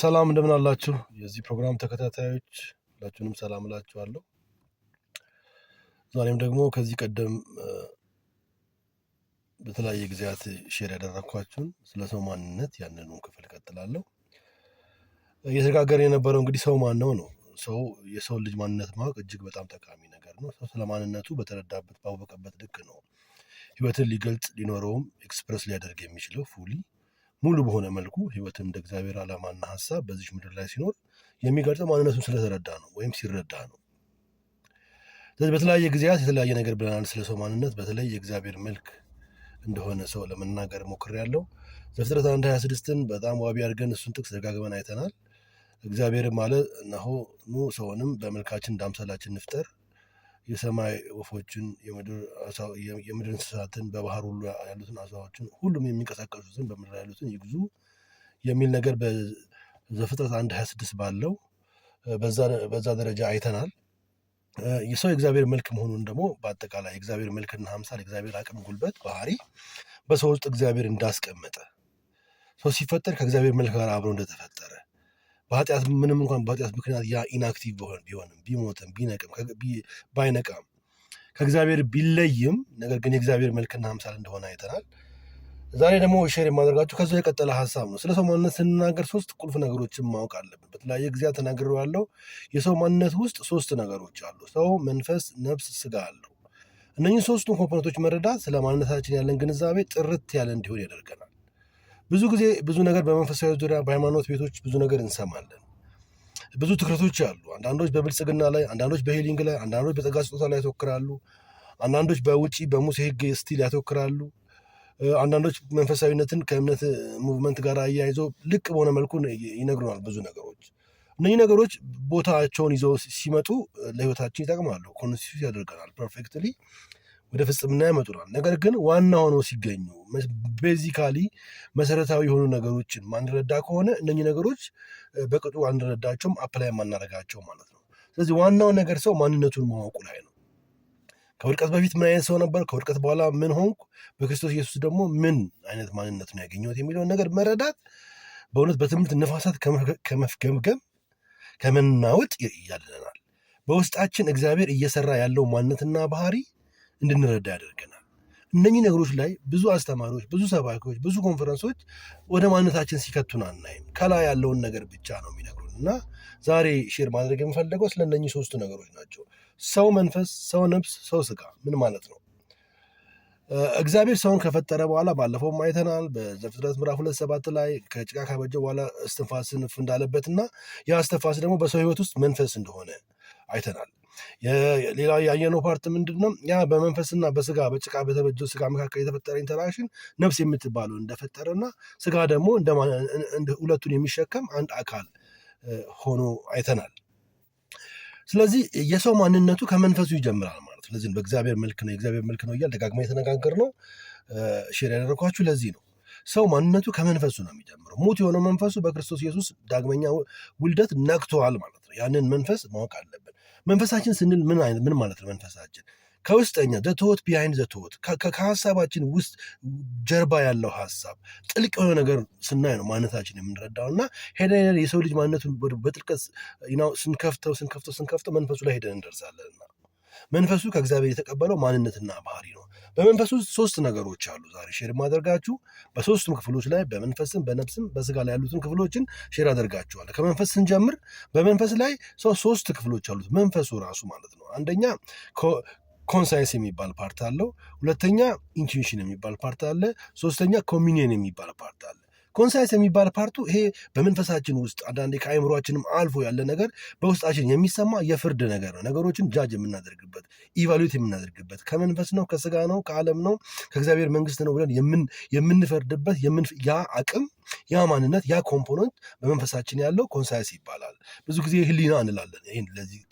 ሰላም እንደምን አላችሁ? የዚህ ፕሮግራም ተከታታዮች ሁላችሁንም ሰላም እላችኋለሁ። ዛሬም ደግሞ ከዚህ ቀደም በተለያየ ጊዜያት ሼር ያደረግኳችሁን ስለ ሰው ማንነት ያንኑ ክፍል እቀጥላለሁ። እየተነጋገር የነበረው እንግዲህ ሰው ማን ነው ነው። ሰው የሰው ልጅ ማንነት ማወቅ እጅግ በጣም ጠቃሚ ነገር ነው። ሰው ስለ ማንነቱ በተረዳበት ባወቀበት ልክ ነው ህይወትን ሊገልጽ ሊኖረውም ኤክስፕረስ ሊያደርግ የሚችለው ፉሊ ሙሉ በሆነ መልኩ ህይወትን እንደ እግዚአብሔር ዓላማና ሀሳብ በዚች ምድር ላይ ሲኖር የሚገልጸው ማንነቱን ስለተረዳ ነው ወይም ሲረዳ ነው። ስለዚህ በተለያየ ጊዜያት የተለያየ ነገር ብለናል። ስለ ሰው ማንነት በተለይ የእግዚአብሔር መልክ እንደሆነ ሰው ለመናገር ያለው ዘፍጥረት አንድ ሀያ ስድስትን በጣም ዋቢ አድርገን እሱን ጥቅስ ደጋግመን አይተናል። እግዚአብሔርም አለ እነሆ ኑ ሰውንም በመልካችን እንዳምሳላችን እንፍጠር የሰማይ ወፎችን የምድር እንስሳትን በባህር ሁሉ ያሉትን አሳዎችን ሁሉም የሚንቀሳቀሱትን በምድር ያሉትን ይግዙ የሚል ነገር በዘፍጥረት አንድ ሀያ ስድስት ባለው በዛ ደረጃ አይተናል። የሰው የእግዚአብሔር መልክ መሆኑን ደግሞ በአጠቃላይ የእግዚአብሔር መልክና አምሳል የእግዚአብሔር አቅም፣ ጉልበት፣ ባህሪ በሰው ውስጥ እግዚአብሔር እንዳስቀመጠ ሰው ሲፈጠር ከእግዚአብሔር መልክ ጋር አብሮ እንደተፈጠረ በኃጢአት ምንም እንኳን በኃጢአት ምክንያት ያ ኢንአክቲቭ ቢሆንም ቢሞትም ቢነቅም ባይነቃም ከእግዚአብሔር ቢለይም ነገር ግን የእግዚአብሔር መልክና አምሳል እንደሆነ አይተናል። ዛሬ ደግሞ ሼር የማደርጋቸው ከዚ የቀጠለ ሀሳብ ነው። ስለ ሰው ማንነት ስንናገር ሶስት ቁልፍ ነገሮችን ማወቅ አለብን። በተለያየ ጊዜያት ያለው የሰው ማንነት ውስጥ ሶስት ነገሮች አሉ። ሰው፣ መንፈስ፣ ነፍስ፣ ስጋ አለው። እነኚህ ሶስቱን ኮምፖነንቶች መረዳት ስለ ማንነታችን ያለን ግንዛቤ ጥርት ያለ እንዲሆን ያደርገናል። ብዙ ጊዜ ብዙ ነገር በመንፈሳዊ ዙሪያ በሃይማኖት ቤቶች ብዙ ነገር እንሰማለን። ብዙ ትኩረቶች አሉ። አንዳንዶች በብልጽግና ላይ፣ አንዳንዶች በሂሊንግ ላይ፣ አንዳንዶች በጸጋ ስጦታ ላይ ያተኩራሉ። አንዳንዶች በውጪ በሙሴ ህግ ስቲል ያተኩራሉ። አንዳንዶች መንፈሳዊነትን ከእምነት ሙቭመንት ጋር አያይዘው ልቅ በሆነ መልኩ ይነግሩናል ብዙ ነገሮች። እነዚህ ነገሮች ቦታቸውን ይዘው ሲመጡ ለህይወታችን ይጠቅማሉ። ኮንስቲቱት ያደርገናል ፐርፌክትሊ ወደ ፍጽምና ያመጡናል። ነገር ግን ዋና ሆኖ ሲገኙ ቤዚካሊ መሰረታዊ የሆኑ ነገሮችን ማንረዳ ከሆነ እነኚህ ነገሮች በቅጡ አንረዳቸውም፣ አፕላይ ማናረጋቸው ማለት ነው። ስለዚህ ዋናው ነገር ሰው ማንነቱን ማወቁ ላይ ነው። ከውድቀት በፊት ምን አይነት ሰው ነበር፣ ከውድቀት በኋላ ምን ሆንኩ፣ በክርስቶስ ኢየሱስ ደግሞ ምን አይነት ማንነት ነው ያገኘሁት የሚለውን ነገር መረዳት በእውነት በትምህርት ነፋሳት ከመፍገምገም ከመናወጥ ያድነናል። በውስጣችን እግዚአብሔር እየሰራ ያለው ማንነትና ባህሪ እንድንረዳ ያደርገናል። እነኚህ ነገሮች ላይ ብዙ አስተማሪዎች፣ ብዙ ሰባኪዎች፣ ብዙ ኮንፈረንሶች ወደ ማንነታችን ሲከቱን አናይም። ከላይ ያለውን ነገር ብቻ ነው የሚነግሩን እና ዛሬ ሼር ማድረግ የምፈለገው ስለ እነኚህ ሶስቱ ነገሮች ናቸው። ሰው መንፈስ፣ ሰው ነብስ፣ ሰው ስጋ ምን ማለት ነው? እግዚአብሔር ሰውን ከፈጠረ በኋላ ባለፈውም አይተናል። በዘፍጥረት ምዕራፍ ሁለት ሰባት ላይ ከጭቃ ካበጀ በኋላ እስትንፋስን እፍ እንዳለበት እና ያ እስትንፋስ ደግሞ በሰው ህይወት ውስጥ መንፈስ እንደሆነ አይተናል። ሌላ ያየነው ፓርት ምንድን ነው? ያ በመንፈስና በስጋ በጭቃ በተበጀው ስጋ መካከል የተፈጠረ ኢንተራክሽን ነፍስ የምትባለው እንደፈጠረና ስጋ ደግሞ ሁለቱን የሚሸከም አንድ አካል ሆኖ አይተናል። ስለዚህ የሰው ማንነቱ ከመንፈሱ ይጀምራል ማለት ነው። ለዚህ በእግዚአብሔር መልክ ነው የእግዚአብሔር መልክ ነው እያል ደጋግማ የተነጋገር ነው። ሼር ያደረኳችሁ ለዚህ ነው። ሰው ማንነቱ ከመንፈሱ ነው የሚጀምረው። ሙት የሆነው መንፈሱ በክርስቶስ ኢየሱስ ዳግመኛ ውልደት ነግተዋል ማለት ነው። ያንን መንፈስ ማወቅ አለብን። መንፈሳችን ስንል ምን ምን ማለት ነው? መንፈሳችን ከውስጠኛ ዘትወት ቢሃይንድ ዘትወት ከሀሳባችን ውስጥ ጀርባ ያለው ሀሳብ ጥልቅ የሆነ ነገር ስናይ ነው ማንነታችን የምንረዳው። እና ሄደን የሰው ልጅ ማንነቱን በጥልቀት ስንከፍተው ስንከፍተው ስንከፍተው መንፈሱ ላይ ሄደን እንደርሳለን። መንፈሱ ከእግዚአብሔር የተቀበለው ማንነትና ባህሪ ነው። በመንፈስ ውስጥ ሶስት ነገሮች አሉ። ዛሬ ሼር ማደርጋችሁ በሶስቱም ክፍሎች ላይ በመንፈስም በነፍስም በስጋ ላይ ያሉትን ክፍሎችን ሼር አደርጋችኋለሁ። ከመንፈስ ስንጀምር በመንፈስ ላይ ሶስት ክፍሎች አሉት። መንፈሱ ራሱ ማለት ነው። አንደኛ ኮንሳይንስ የሚባል ፓርት አለው። ሁለተኛ ኢንቱዊሽን የሚባል ፓርት አለ። ሶስተኛ ኮሚኒየን የሚባል ፓርት አለ። ኮንሳይስ የሚባል ፓርቱ ይሄ በመንፈሳችን ውስጥ አንዳንዴ ከአእምሯችንም አልፎ ያለ ነገር በውስጣችን የሚሰማ የፍርድ ነገር ነው። ነገሮችን ጃጅ የምናደርግበት ኢቫሉዌት የምናደርግበት ከመንፈስ ነው፣ ከስጋ ነው፣ ከዓለም ነው፣ ከእግዚአብሔር መንግስት ነው ብለን የምንፈርድበት ያ አቅም፣ ያ ማንነት፣ ያ ኮምፖነንት በመንፈሳችን ያለው ኮንሳይስ ይባላል። ብዙ ጊዜ ህሊና እንላለን። ይህን ለዚህ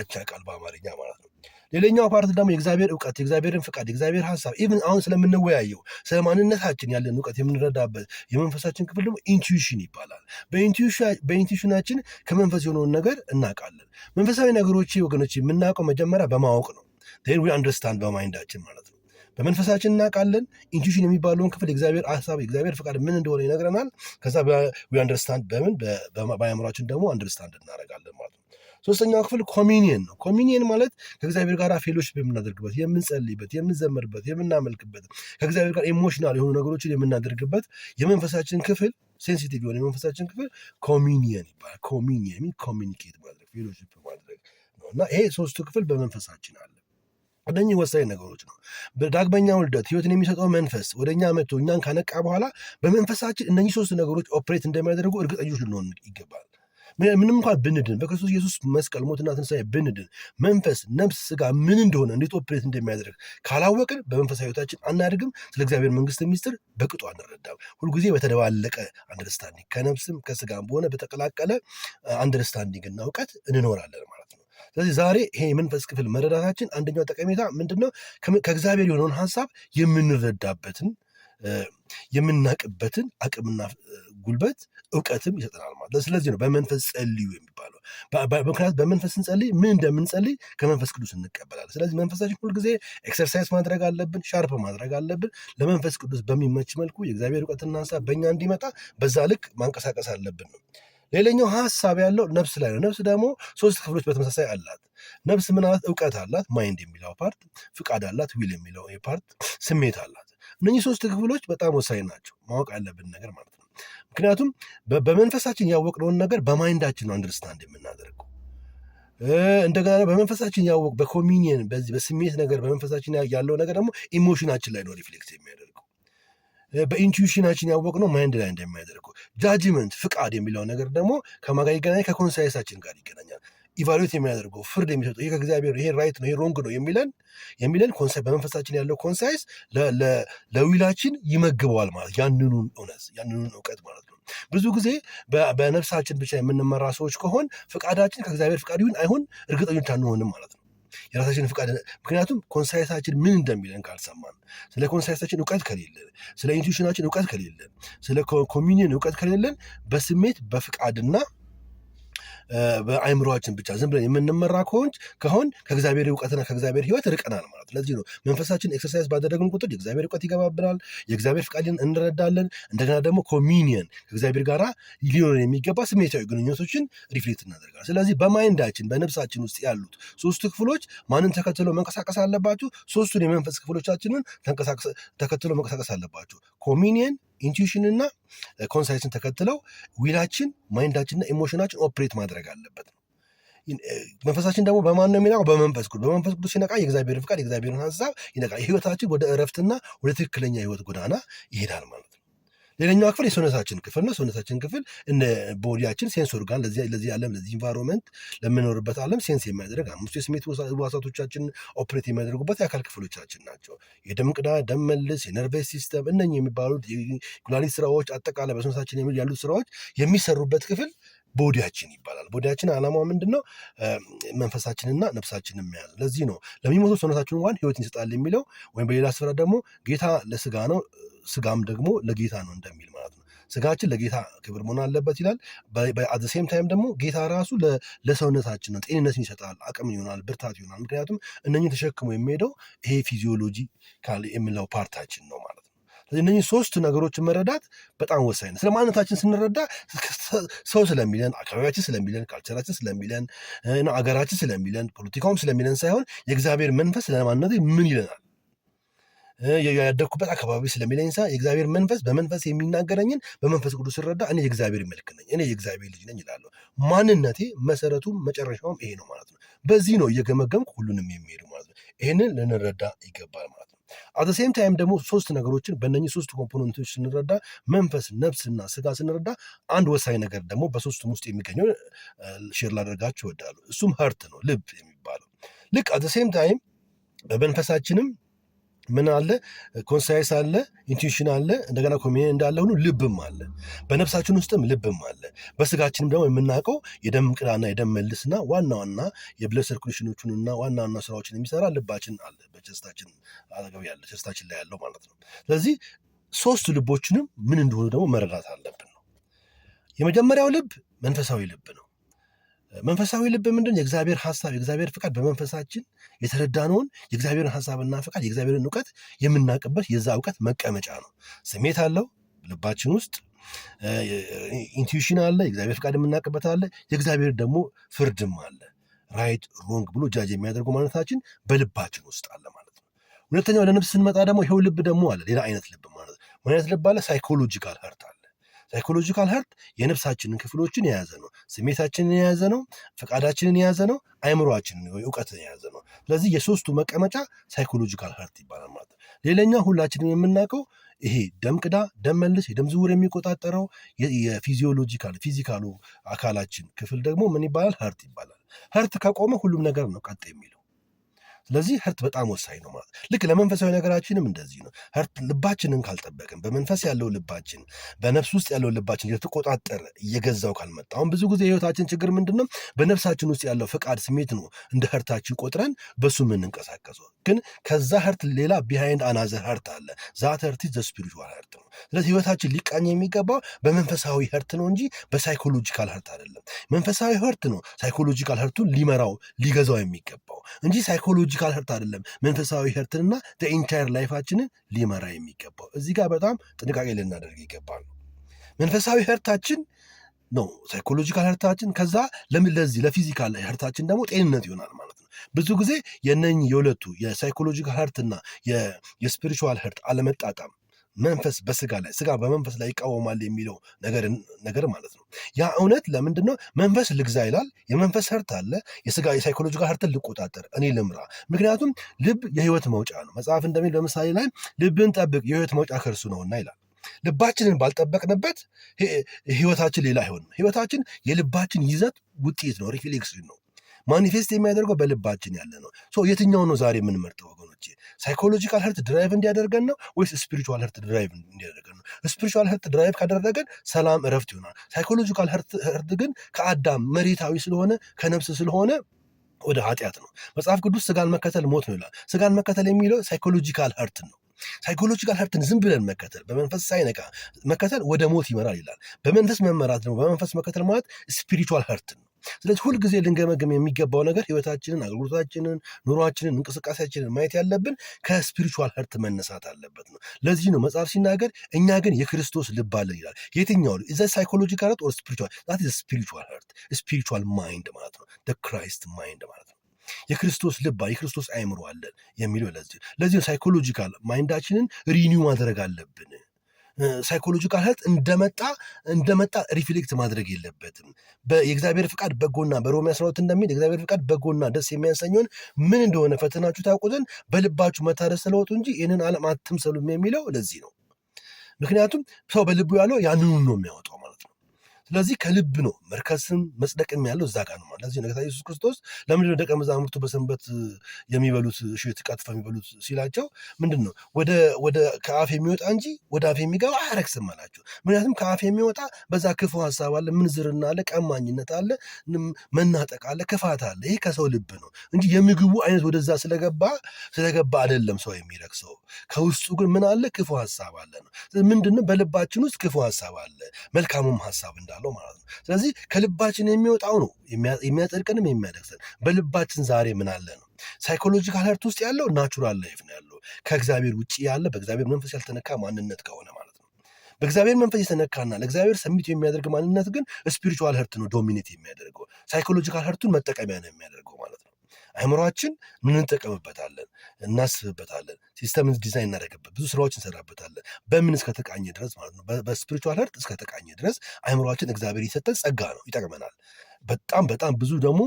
አቻ ቃል በአማርኛ ማለት ነው። ሌላኛው ፓርት ደግሞ የእግዚአብሔር እውቀት፣ የእግዚአብሔርን ፍቃድ፣ የእግዚአብሔር ሀሳብ ኢቭን አሁን ስለምንወያየው ስለ ማንነታችን ያለን እውቀት የምንረዳበት የመንፈሳችን ክፍል ደግሞ ኢንቱዊሽን ይባላል። በኢንቱዊሽናችን ከመንፈስ የሆነውን ነገር እናውቃለን። መንፈሳዊ ነገሮች ወገኖች የምናውቀው መጀመሪያ በማወቅ ነው። ዊ አንደርስታንድ በማይንዳችን ማለት ነው። በመንፈሳችን እናውቃለን። ኢንቱዊሽን የሚባለውን ክፍል የእግዚአብሔር ሀሳብ የእግዚአብሔር ፍቃድ ምን እንደሆነ ይነግረናል። ከዛ ዊ አንደርስታንድ በምን በአእምሯችን ደግሞ አንደርስታንድ እናደርጋለን ማለት ነው። ሶስተኛው ክፍል ኮሚኒየን ነው። ኮሚኒየን ማለት ከእግዚአብሔር ጋር ፌሎች የምናደርግበት፣ የምንጸልይበት፣ የምንዘምርበት፣ የምናመልክበት ከእግዚአብሔር ጋር ኢሞሽናል የሆኑ ነገሮችን የምናደርግበት የመንፈሳችን ክፍል ሴንሲቲቭ የሆነ የመንፈሳችን ክፍል ኮሚኒየን ይባላል። ኮሚኒየን ሚን ኮሚኒኬት ማድረግ ፌሎሺፕ ማድረግ ነው እና ይሄ ሶስቱ ክፍል በመንፈሳችን አለ። እነኚህ ወሳኝ ነገሮች ነው። በዳግመኛ ውልደት ህይወትን የሚሰጠው መንፈስ ወደ እኛ መጥቶ እኛን ካነቃ በኋላ በመንፈሳችን እነኚህ ሶስት ነገሮች ኦፕሬት እንደሚያደርጉ እርግጠኞች ልንሆን ይገባል። ምንም እንኳን ብንድን በክርስቶስ ኢየሱስ መስቀል ሞትና ትንሳኤ ብንድን መንፈስ፣ ነፍስ፣ ስጋ ምን እንደሆነ እንዴት ኦፕሬት እንደሚያደርግ ካላወቅን በመንፈሳዊ ህይወታችን አናድግም። ስለ እግዚአብሔር መንግስት ሚስጥር በቅጡ አንረዳም። ሁልጊዜ በተደባለቀ አንደርስታንዲንግ ከነፍስም ከስጋም በሆነ በተቀላቀለ አንደርስታንዲንግ እና እውቀት እንኖራለን ማለት ነው። ስለዚህ ዛሬ ይሄ የመንፈስ ክፍል መረዳታችን አንደኛው ጠቀሜታ ምንድን ነው? ከእግዚአብሔር የሆነውን ሀሳብ የምንረዳበትን የምናቅበትን አቅምና ጉልበት እውቀትም ይሰጠናል ማለት ነው። ስለዚህ ነው በመንፈስ ጸልዩ የሚባለው። ምክንያቱም በመንፈስ ስንጸልይ ምን እንደምንጸልይ ከመንፈስ ቅዱስ እንቀበላለን። ስለዚህ መንፈሳችን ሁልጊዜ ኤክሰርሳይዝ ማድረግ አለብን፣ ሻርፕ ማድረግ አለብን። ለመንፈስ ቅዱስ በሚመች መልኩ የእግዚአብሔር እውቀትና ሀሳብ በእኛ እንዲመጣ በዛ ልክ ማንቀሳቀስ አለብን ነው። ሌላኛው ሀሳብ ያለው ነፍስ ላይ ነው። ነፍስ ደግሞ ሶስት ክፍሎች በተመሳሳይ አላት። ነፍስ ምን አላት? እውቀት አላት፣ ማይንድ የሚለው ፓርት፣ ፍቃድ አላት፣ ዊል የሚለው ፓርት፣ ስሜት አላት። እነኚህ ሶስት ክፍሎች በጣም ወሳኝ ናቸው። ማወቅ ያለብን ነገር ማለት ነው። ምክንያቱም በመንፈሳችን ያወቅነውን ነገር በማይንዳችን ነው አንደርስታንድ የምናደርገው። እንደገና በመንፈሳችን ያወቅ በኮሚኒየን በዚህ በስሜት ነገር በመንፈሳችን ያለው ነገር ደግሞ ኢሞሽናችን ላይ ነው ሪፍሌክት የሚያደርገው። በኢንቱዊሽናችን ያወቅነው ማይንድ ላይ እንደሚያደርገው ጃጅመንት ፍቃድ የሚለው ነገር ደግሞ ከማጋ ይገናኛል፣ ከኮንሳይንሳችን ጋር ይገናኛል። ኢቫሉዌት የሚያደርገው ፍርድ የሚሰጠው ይሄ ከእግዚአብሔር ይሄ ራይት ነው ይሄ ሮንግ ነው የሚለን የሚለን በመንፈሳችን ያለው ኮንሳይስ ለዊላችን ይመግበዋል ማለት ያንኑን እውነት ያንኑን እውቀት ማለት ነው። ብዙ ጊዜ በነፍሳችን ብቻ የምንመራ ሰዎች ከሆን ፍቃዳችን ከእግዚአብሔር ፍቃድ ይሁን አይሁን እርግጠኞች አንሆንም ማለት ነው። የራሳችን ፍቃድ ምክንያቱም ኮንሳይሳችን ምን እንደሚለን ካልሰማን፣ ስለ ኮንሳይሳችን እውቀት ከሌለን፣ ስለ ኢንቱዊሽናችን እውቀት ከሌለን፣ ስለ ኮሚኒየን እውቀት ከሌለን በስሜት በፍቃድና በአይምሮችን ብቻ ዝም ብለን የምንመራ ከሆን ከሆን ከእግዚአብሔር እውቀትና ከእግዚአብሔር ህይወት ርቀናል ማለት። ለዚህ ነው መንፈሳችን ኤክሰርሳይዝ ባደረግን ቁጥር የእግዚአብሔር እውቀት ይገባብናል፣ የእግዚአብሔር ፍቃድን እንረዳለን። እንደገና ደግሞ ኮሚኒየን ከእግዚአብሔር ጋራ ሊኖረን የሚገባ ስሜታዊ ግንኙነቶችን ሪፍሌክት እናደርጋለን። ስለዚህ በማይንዳችን በነፍሳችን ውስጥ ያሉት ሶስቱ ክፍሎች ማንን ተከትሎ መንቀሳቀስ አለባችሁ? ሶስቱን የመንፈስ ክፍሎቻችንን ተከትሎ መንቀሳቀስ አለባችሁ። ኮሚኒየን ኢንቱዊሽን እና ኮንሳይንስን ተከትለው ዊላችን፣ ማይንዳችንና ኢሞሽናችን ኦፕሬት ማድረግ አለበት ነው። መንፈሳችን ደግሞ በማን ነው የሚነቃው? በመንፈስ ቅዱስ። በመንፈስ ቅዱስ ሲነቃ የእግዚአብሔርን ፍቃድ የእግዚአብሔርን ሀሳብ ይነቃል። ህይወታችን ወደ እረፍትና ወደ ትክክለኛ ህይወት ጎዳና ይሄዳል ማለት ነው። ሌላኛው ክፍል የሰውነታችን ክፍል ነው። ሰውነታችን ክፍል እነ ቦዲያችን ሴንስ ኦርጋን ለዚህ ዓለም ለዚህ ኢንቫይሮንመንት ለምንኖርበት ዓለም ሴንስ የሚያደርግ አምስቱ የስሜት ህዋሳቶቻችን ኦፕሬት የሚያደርጉበት የአካል ክፍሎቻችን ናቸው። የደም ቅዳ፣ ደም መልስ፣ የነርቬስ ሲስተም እነኝህ የሚባሉት የኩላሊት ስራዎች አጠቃላይ በሰውነታችን ያሉት ስራዎች የሚሰሩበት ክፍል ቦዲያችን ይባላል። ቦዲያችን አላማ ምንድን ነው? መንፈሳችንና ነፍሳችንን የሚያዝ ለዚህ ነው ለሚሞተው ሰውነታችን እንኳን ህይወት ይሰጣል የሚለው ወይም በሌላ ስፍራ ደግሞ ጌታ ለስጋ ነው ስጋም ደግሞ ለጌታ ነው እንደሚል ማለት ነው። ስጋችን ለጌታ ክብር መሆን አለበት ይላል። በአዘሴም ታይም ደግሞ ጌታ ራሱ ለሰውነታችን ነው ጤንነትን ይሰጣል፣ አቅም ይሆናል፣ ብርታት ይሆናል። ምክንያቱም እነኝን ተሸክሞ የሚሄደው ይሄ ፊዚዮሎጂ የምለው ፓርታችን ነው ማለት ነው። እነዚህ ሶስት ነገሮችን መረዳት በጣም ወሳኝ ነው። ስለ ማንነታችን ስንረዳ ሰው ስለሚለን፣ አካባቢያችን ስለሚለን፣ ካልቸራችን ስለሚለን አገራችን ስለሚለን፣ ፖለቲካውም ስለሚለን ሳይሆን የእግዚአብሔር መንፈስ ስለማነት ምን ይለናል ያደግኩበት አካባቢ ስለሚለኝ ሳ የእግዚአብሔር መንፈስ በመንፈስ የሚናገረኝን በመንፈስ ቅዱስ ስረዳ እኔ የእግዚአብሔር መልክ ነኝ፣ እኔ የእግዚአብሔር ልጅ ነኝ ይላለሁ። ማንነቴ መሰረቱም መጨረሻውም ይሄ ነው ማለት ነው። በዚህ ነው እየገመገምኩ ሁሉንም የሚሄዱ ማለት ነው። ይህንን ልንረዳ ይገባል ማለት ነው። ሴም ታይም ደግሞ ሶስት ነገሮችን በእነኚህ ሶስት ኮምፖነንቶች ስንረዳ መንፈስ፣ ነፍስና ስጋ ስንረዳ አንድ ወሳኝ ነገር ደግሞ በሶስቱም ውስጥ የሚገኘው ሼር ላደርጋችሁ እወዳለሁ። እሱም ሀርት ነው ልብ የሚባለው ልክ አዘሴም ታይም በመንፈሳችንም ምን አለ? ኮንሳይስ አለ፣ ኢንቱዊሽን አለ፣ እንደገና ኮሚኒ እንዳለ ሁሉ ልብም አለ። በነፍሳችን ውስጥም ልብም አለ። በስጋችንም ደግሞ የምናውቀው የደም ቅዳና የደም መልስና ዋና ዋና የብለድ ሰርኩሌሽኖቹንና ዋና ዋና ስራዎችን የሚሰራ ልባችን አለ፣ በቸስታችን አጠገብ ያለ ቸስታችን ላይ ያለው ማለት ነው። ስለዚህ ሶስት ልቦችንም ምን እንደሆኑ ደግሞ መረዳት አለብን ነው። የመጀመሪያው ልብ መንፈሳዊ ልብ ነው። መንፈሳዊ ልብ ምንድን የእግዚአብሔር ሀሳብ የእግዚአብሔር ፍቃድ በመንፈሳችን የተረዳነውን የእግዚአብሔርን ሀሳብና ፍቃድ የእግዚአብሔርን እውቀት የምናውቅበት የዛ እውቀት መቀመጫ ነው። ስሜት አለው ልባችን ውስጥ ኢንቱዊሽን አለ። የእግዚአብሔር ፍቃድ የምናውቅበት አለ። የእግዚአብሔር ደግሞ ፍርድም አለ። ራይት ሮንግ ብሎ ጃጅ የሚያደርጉ ማለታችን በልባችን ውስጥ አለ ማለት ነው። ሁለተኛ ወደ ነፍስ ስንመጣ ደግሞ ይኸው ልብ ደግሞ አለ ሌላ አይነት ልብ ማለት ነው። ምን አይነት ልብ አለ? ሳይኮሎጂካል ሀርት አለ ሳይኮሎጂካል ሄልት የነፍሳችንን ክፍሎችን የያዘ ነው። ስሜታችንን የያዘ ነው። ፈቃዳችንን የያዘ ነው። አይምሯችንን ወይ እውቀትን የያዘ ነው። ስለዚህ የሶስቱ መቀመጫ ሳይኮሎጂካል ሄልት ይባላል ማለት ነው። ሌላኛው ሁላችንም የምናውቀው ይሄ ደም ቅዳ ደም መልስ የደም ዝውውር የሚቆጣጠረው የፊዚዮሎጂካል ፊዚካሉ አካላችን ክፍል ደግሞ ምን ይባላል? ሀርት ይባላል። ሀርት ከቆመ ሁሉም ነገር ነው ቀጥ የሚለው ስለዚህ ህርት በጣም ወሳኝ ነው ማለት ልክ ለመንፈሳዊ ነገራችንም እንደዚህ ነው። ህርት ልባችንን ካልጠበቅን በመንፈስ ያለው ልባችን በነፍስ ውስጥ ያለው ልባችን እየተቆጣጠረ እየገዛው ካልመጣ አሁን ብዙ ጊዜ የህይወታችን ችግር ምንድን ነው? በነፍሳችን ውስጥ ያለው ፈቃድ ስሜት ነው እንደ ህርታችን ቆጥረን በሱ የምንንቀሳቀሰው። ግን ከዛ ህርት ሌላ ቢሃይንድ አናዘር ህርት አለ። ዛት ህርት ዘ ስፒሪቹዋል ህርት ነው። ስለዚህ ህይወታችን ሊቃኝ የሚገባው በመንፈሳዊ ህርት ነው እንጂ በሳይኮሎጂካል ህርት አይደለም። መንፈሳዊ ህርት ነው ሳይኮሎጂካል ህርቱን ሊመራው ሊገዛው የሚገባው እንጂ ሳይኮሎጂ ፊዚካል ህርት አይደለም መንፈሳዊ ህርትንና ኢንታየር ላይፋችንን ሊመራ የሚገባው እዚህ ጋር በጣም ጥንቃቄ ልናደርግ ይገባል። መንፈሳዊ ህርታችን ነው ሳይኮሎጂካል ህርታችን፣ ከዛ ለዚህ ለፊዚካል ህርታችን ደግሞ ጤንነት ይሆናል ማለት ነው። ብዙ ጊዜ የነኝ የሁለቱ የሳይኮሎጂካል ህርትና የስፒሪቹዋል ህርት አለመጣጣም መንፈስ በስጋ ላይ ስጋ በመንፈስ ላይ ይቃወማል የሚለው ነገር ማለት ነው። ያ እውነት ለምንድን ነው? መንፈስ ልግዛ ይላል። የመንፈስ ህርት አለ። የስጋ ጋር ህርትን ልቆጣጠር፣ እኔ ልምራ። ምክንያቱም ልብ የህይወት መውጫ ነው። መጽሐፍ እንደሚል በምሳሌ ላይ ልብን ጠብቅ፣ የህይወት መውጫ ከእርሱ ነውና ይላል። ልባችንን ባልጠበቅንበት ህይወታችን ሌላ አይሆንም። ህይወታችን የልባችን ይዘት ውጤት ነው፣ ሪፍሌክስ ነው። ማኒፌስት የሚያደርገው በልባችን ያለ ነው። የትኛው ነው ዛሬ የምንመርጠው ወገኖች? ሳይኮሎጂካል ህርት ድራይቭ እንዲያደርገን ነው ወይስ ስፒሪቹዋል ህርት ድራይቭ እንዲያደርገን ነው? ስፒሪቹዋል ህርት ድራይቭ ካደረገን ሰላም፣ እረፍት ይሆናል። ሳይኮሎጂካል ህርት ግን ከአዳም መሬታዊ ስለሆነ ከነብስ ስለሆነ ወደ ኃጢአት ነው። መጽሐፍ ቅዱስ ስጋን መከተል ሞት ነው ይላል። ስጋን መከተል የሚለው ሳይኮሎጂካል ህርት ነው። ሳይኮሎጂካል ሄርትን ዝም ብለን መከተል በመንፈስ ሳይነቃ መከተል ወደ ሞት ይመራል ይላል። በመንፈስ መመራት ደግሞ በመንፈስ መከተል ማለት ስፒሪቹዋል ሄርትን ነው። ስለዚህ ሁልጊዜ ልንገመገም የሚገባው ነገር ህይወታችንን፣ አገልግሎታችንን፣ ኑሯችንን፣ እንቅስቃሴያችንን ማየት ያለብን ከስፒሪቹዋል ሀርት መነሳት አለበት ነው። ለዚህ ነው መጽሐፍ ሲናገር እኛ ግን የክርስቶስ ልብ አለን ይላል። የትኛው ዘ ሳይኮሎጂካል ሀርት ኦር ስፒሪቹዋል ዛት ኢዝ ስፒሪቹዋል ሀርት ስፒሪቹዋል ማይንድ ማለት ነው። ክራይስት ማይንድ ማለት ነው። የክርስቶስ ልባ የክርስቶስ አይምሮ አለን የሚለው ለዚህ ለዚህ ሳይኮሎጂካል ማይንዳችንን ሪኒው ማድረግ አለብን። ሳይኮሎጂካል ሄልት እንደመጣ እንደመጣ ሪፍሌክት ማድረግ የለበትም። የእግዚአብሔር ፍቃድ በጎና በሮሜ ስራት እንደሚል የእግዚአብሔር ፍቃድ በጎና ደስ የሚያሰኘውን ምን እንደሆነ ፈተናችሁ ታውቁትን በልባችሁ መታደስ ስለወጡ እንጂ ይህንን ዓለም አትምሰሉም የሚለው ለዚህ ነው። ምክንያቱም ሰው በልቡ ያለው ያንኑ ነው የሚያወጣው ማለት ነው። ስለዚህ ከልብ ነው መርከስም መጽደቅም ያለው እዛ ጋር ነው። ለዚህ ነገር ኢየሱስ ክርስቶስ ለምንድነው ደቀ መዛሙርቱ በሰንበት የሚበሉት እሸት ቀጥፈው የሚበሉት ሲላቸው ምንድን ነው ወደ ከአፍ የሚወጣ እንጂ ወደ አፍ የሚገባ አያረክስም አላቸው። ምክንያቱም ከአፍ የሚወጣ በዛ ክፉ ሀሳብ አለ፣ ምንዝርና አለ፣ ቀማኝነት አለ፣ መናጠቅ አለ፣ ክፋት አለ። ይሄ ከሰው ልብ ነው እንጂ የምግቡ አይነት ወደዛ ስለገባ ስለገባ አይደለም ሰው የሚረክሰው። ከውስጡ ግን ምን አለ? ክፉ ሀሳብ አለ ነው። ምንድነው በልባችን ውስጥ ክፉ ሀሳብ አለ፣ መልካሙም ሀሳብ እንዳ አደርጋለሁ ማለት ነው። ስለዚህ ከልባችን የሚወጣው ነው የሚያጸድቀንም የሚያደርሰን። በልባችን ዛሬ ምን አለ ነው። ሳይኮሎጂካል ሀርት ውስጥ ያለው ናቹራል ላይፍ ነው ያለው ከእግዚአብሔር ውጭ ያለ በእግዚአብሔር መንፈስ ያልተነካ ማንነት ከሆነ ማለት ነው። በእግዚአብሔር መንፈስ የተነካና ለእግዚአብሔር ሰሚት የሚያደርግ ማንነት ግን ስፒሪቹዋል ሀርት ነው ዶሚኔት የሚያደርገው። ሳይኮሎጂካል ሀርቱን መጠቀሚያ ነው የሚያደርገው ማለት ነው። አእምሯችን እንጠቀምበታለን፣ እናስብበታለን፣ ሲስተምን ዲዛይን እናደርግበት ብዙ ስራዎች እንሰራበታለን። በምን እስከተቃኘ ድረስ ማለት ነው። በስፒሪቹዋል እስከ እስከተቃኘ ድረስ አእምሯችን እግዚአብሔር የሰጠን ጸጋ ነው፣ ይጠቅመናል። በጣም በጣም ብዙ ደግሞ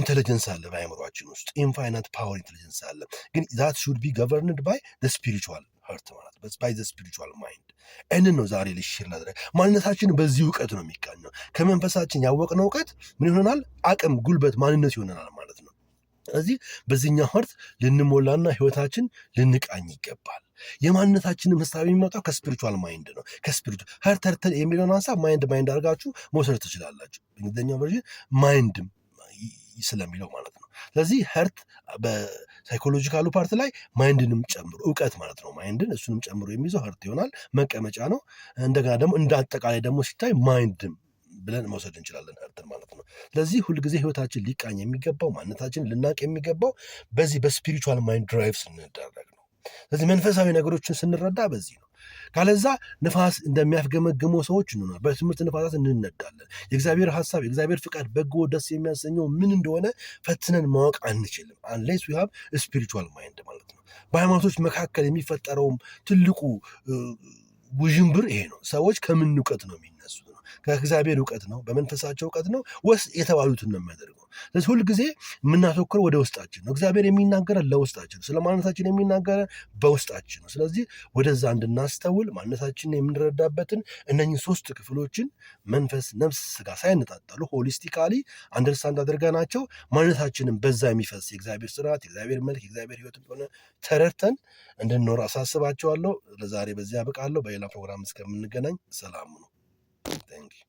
ኢንቴሊጀንስ አለ በአእምሯችን ውስጥ ኢንፋይናት ፓወር ኢንቴሊጀንስ አለ። ግን ዛት ሹድ ቢ ገቨርንድ ባይ ስፒሪቹዋል ርት ማለት ባይ ስፒሪቹዋል ማይንድ እንን ነው ዛሬ ልሽር ናደረ ማንነታችን በዚህ እውቀት ነው የሚቃኘው። ከመንፈሳችን ያወቅነው እውቀት ምን ይሆነናል? አቅም፣ ጉልበት፣ ማንነት ይሆነናል ማለት ነው። ስለዚህ በዚህኛው ሀርት ልንሞላና ህይወታችን ልንቃኝ ይገባል። የማንነታችንም ሀሳብ የሚመጣው ከስፒሪቹዋል ማይንድ ነው። ከስፒሪቹ ሀርት ሀርት የሚለውን ሀሳብ ማይንድ ማይንድ አድርጋችሁ መውሰድ ትችላላችሁ። በእንግሊዝኛው ቨርዥን ማይንድም ስለሚለው ማለት ነው። ስለዚህ ሀርት በሳይኮሎጂካሉ ፓርት ላይ ማይንድንም ጨምሮ እውቀት ማለት ነው። ማይንድን እሱንም ጨምሮ የሚይዘው ሀርት ይሆናል፣ መቀመጫ ነው። እንደገና ደግሞ እንደ አጠቃላይ ደግሞ ሲታይ ማይንድም ብለን መውሰድ እንችላለን እርድን ማለት ነው። ስለዚህ ሁልጊዜ ህይወታችን ሊቃኝ የሚገባው ማንነታችን ልናቅ የሚገባው በዚህ በስፒሪቹዋል ማይንድ ድራይቭ ስንደረግ ነው። ስለዚህ መንፈሳዊ ነገሮችን ስንረዳ በዚህ ነው። ካለዛ ንፋስ እንደሚያፍገመግሙ ሰዎች እንሆናል። በትምህርት ንፋሳት እንነዳለን። የእግዚአብሔር ሀሳብ፣ የእግዚአብሔር ፍቃድ፣ በጎ ደስ የሚያሰኘው ምን እንደሆነ ፈትነን ማወቅ አንችልም። አንሌስ ዊ ስፒሪቹዋል ማይንድ ማለት ነው። በሃይማኖቶች መካከል የሚፈጠረውም ትልቁ ውዥንብር ይሄ ነው። ሰዎች ከምን እውቀት ነው የሚነሱት? ከእግዚአብሔር እውቀት ነው፣ በመንፈሳቸው እውቀት ነው። ወስ የተባሉትን ነው የሚያደርገው። ስለዚህ ሁልጊዜ የምናተኩር ወደ ውስጣችን ነው። እግዚአብሔር የሚናገረን ለውስጣችን ነው። ስለ ማንነታችን የሚናገረን በውስጣችን ነው። ስለዚህ ወደዛ እንድናስተውል ማንነታችንን የምንረዳበትን እነኚህ ሶስት ክፍሎችን መንፈስ፣ ነፍስ፣ ስጋ ሳይነጣጠሉ ሆሊስቲካሊ አንደርስታንድ አድርገናቸው ማንነታችንን በዛ የሚፈስ የእግዚአብሔር ስርዓት፣ የእግዚአብሔር መልክ፣ የእግዚአብሔር ህይወት እንደሆነ ተረድተን እንድንኖር አሳስባቸዋለሁ። ለዛሬ በዚያ አበቃለሁ። በሌላ ፕሮግራም እስከምንገናኝ ሰላም ነው። think.